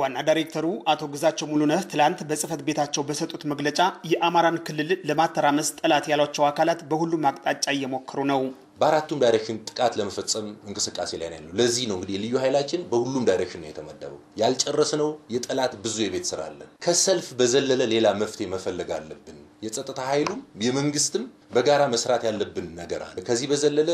ዋና ዳይሬክተሩ አቶ ግዛቸው ሙሉነህ ትላንት በጽህፈት ቤታቸው በሰጡት መግለጫ የአማራን ክልል ለማተራመስ ጠላት ያሏቸው አካላት በሁሉም አቅጣጫ እየሞከሩ ነው። በአራቱም ዳይሬክሽን ጥቃት ለመፈጸም እንቅስቃሴ ላይ ነው ያለው። ለዚህ ነው እንግዲህ ልዩ ኃይላችን በሁሉም ዳይሬክሽን ነው የተመደበው። ያልጨረስነው የጠላት ብዙ የቤት ስራ አለን። ከሰልፍ በዘለለ ሌላ መፍትሄ መፈለግ አለብን። የጸጥታ ኃይሉም የመንግስትም በጋራ መስራት ያለብን ነገር አለ። ከዚህ በዘለለ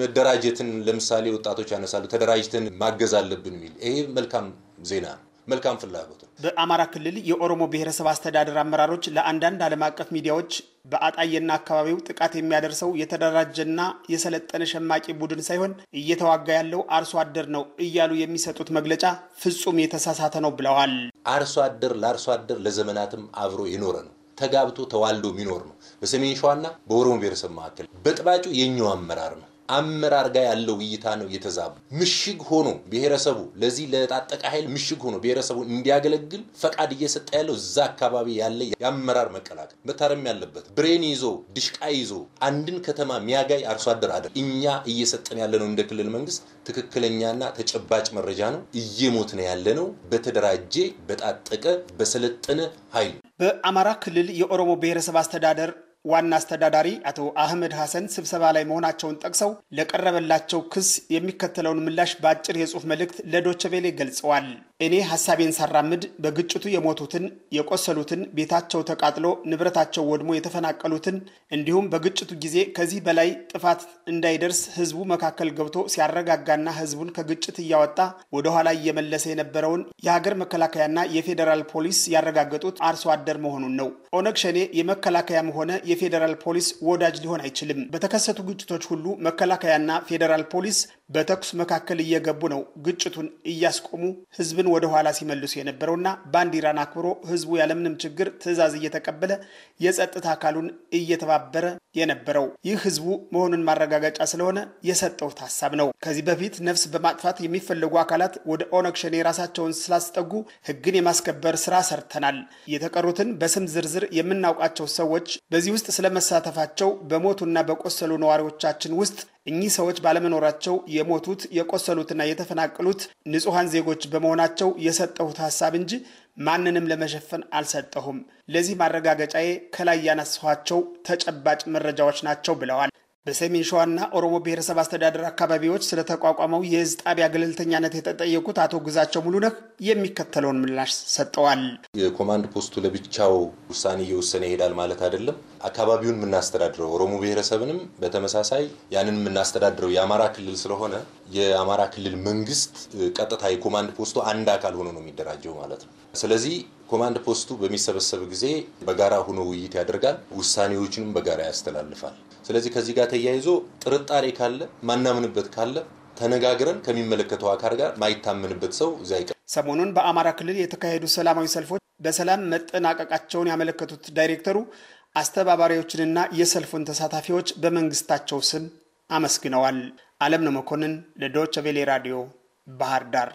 መደራጀትን ለምሳሌ ወጣቶች ያነሳሉ። ተደራጅተን ማገዝ አለብን የሚል ይሄ መልካም ዜና ነው። መልካም ፍላጎት ነው። በአማራ ክልል የኦሮሞ ብሔረሰብ አስተዳደር አመራሮች ለአንዳንድ ዓለም አቀፍ ሚዲያዎች በአጣዬና አካባቢው ጥቃት የሚያደርሰው የተደራጀና የሰለጠነ ሸማቂ ቡድን ሳይሆን እየተዋጋ ያለው አርሶ አደር ነው እያሉ የሚሰጡት መግለጫ ፍጹም የተሳሳተ ነው ብለዋል። አርሶ አደር ለአርሶ አደር ለዘመናትም አብሮ የኖረ ነው ተጋብቶ ተዋልዶ የሚኖር ነው። በሰሜን ሸዋና በኦሮሞ ብሔረሰብ መካከል በጥባጩ የኛው አመራር ነው። አመራር ጋር ያለው እይታ ነው የተዛቡ። ምሽግ ሆኖ ብሔረሰቡ ለዚህ ለጣጠቀ ኃይል ምሽግ ሆኖ ብሔረሰቡ እንዲያገለግል ፈቃድ እየሰጠ ያለው እዛ አካባቢ ያለ የአመራር መቀላቀል መታረም ያለበት ብሬን ይዞ ድሽቃ ይዞ አንድን ከተማ ሚያጋይ አርሶ አደር አደ እኛ እየሰጠን ያለ ነው እንደ ክልል መንግስት ትክክለኛና ተጨባጭ መረጃ ነው። እየሞት ነው ያለ ነው በተደራጀ በጣጠቀ በሰለጠነ ኃይል በአማራ ክልል የኦሮሞ ብሔረሰብ አስተዳደር ዋና አስተዳዳሪ አቶ አህመድ ሐሰን ስብሰባ ላይ መሆናቸውን ጠቅሰው ለቀረበላቸው ክስ የሚከተለውን ምላሽ በአጭር የጽሑፍ መልእክት ለዶቸቬሌ ገልጸዋል። እኔ ሀሳቤን ሳራምድ በግጭቱ የሞቱትን፣ የቆሰሉትን፣ ቤታቸው ተቃጥሎ ንብረታቸው ወድሞ የተፈናቀሉትን እንዲሁም በግጭቱ ጊዜ ከዚህ በላይ ጥፋት እንዳይደርስ ህዝቡ መካከል ገብቶ ሲያረጋጋና ህዝቡን ከግጭት እያወጣ ወደኋላ እየመለሰ የነበረውን የሀገር መከላከያና የፌዴራል ፖሊስ ያረጋገጡት አርሶ አደር መሆኑን ነው። ኦነግ ሸኔ የመከላከያም ሆነ የፌዴራል ፖሊስ ወዳጅ ሊሆን አይችልም። በተከሰቱ ግጭቶች ሁሉ መከላከያና ፌዴራል ፖሊስ በተኩስ መካከል እየገቡ ነው ግጭቱን እያስቆሙ ህዝብን ግን ወደ ኋላ ሲመልሱ የነበረውና ባንዲራን አክብሮ ሕዝቡ ያለምንም ችግር ትዕዛዝ እየተቀበለ የጸጥታ አካሉን እየተባበረ የነበረው ይህ ህዝቡ መሆኑን ማረጋገጫ ስለሆነ የሰጠሁት ሀሳብ ነው። ከዚህ በፊት ነፍስ በማጥፋት የሚፈለጉ አካላት ወደ ኦነግ ሸኔ ራሳቸውን ስላስጠጉ ህግን የማስከበር ስራ ሰርተናል። የተቀሩትን በስም ዝርዝር የምናውቃቸው ሰዎች በዚህ ውስጥ ስለመሳተፋቸው በሞቱና በቆሰሉ ነዋሪዎቻችን ውስጥ እኚህ ሰዎች ባለመኖራቸው የሞቱት የቆሰሉትና የተፈናቀሉት ንጹሐን ዜጎች በመሆናቸው የሰጠሁት ሀሳብ እንጂ ማንንም ለመሸፈን አልሰጠሁም። ለዚህ ማረጋገጫዬ ከላይ ያነሳኋቸው ተጨባጭ መረጃዎች ናቸው ብለዋል። በሰሜን ሸዋና ኦሮሞ ብሔረሰብ አስተዳደር አካባቢዎች ስለተቋቋመው የህዝብ ጣቢያ ገለልተኛነት የተጠየቁት አቶ ግዛቸው ሙሉነህ የሚከተለውን ምላሽ ሰጠዋል። የኮማንድ ፖስቱ ለብቻው ውሳኔ እየወሰነ ይሄዳል ማለት አይደለም። አካባቢውን የምናስተዳድረው ኦሮሞ ብሔረሰብንም በተመሳሳይ ያንን የምናስተዳድረው የአማራ ክልል ስለሆነ የአማራ ክልል መንግስት ቀጥታ የኮማንድ ፖስቱ አንድ አካል ሆኖ ነው የሚደራጀው ማለት ነው። ስለዚህ ኮማንድ ፖስቱ በሚሰበሰብ ጊዜ በጋራ ሆኖ ውይይት ያደርጋል፣ ውሳኔዎችንም በጋራ ያስተላልፋል። ስለዚህ ከዚህ ጋር ተያይዞ ጥርጣሬ ካለ ማናምንበት ካለ ተነጋግረን ከሚመለከተው አካል ጋር ማይታመንበት ሰው እዚያ ይቀር። ሰሞኑን በአማራ ክልል የተካሄዱ ሰላማዊ ሰልፎች በሰላም መጠናቀቃቸውን ያመለከቱት ዳይሬክተሩ አስተባባሪዎችንና የሰልፉን ተሳታፊዎች በመንግስታቸው ስም አመስግነዋል። አለም ነው መኮንን ለዶቸቬሌ ራዲዮ ባህር ዳር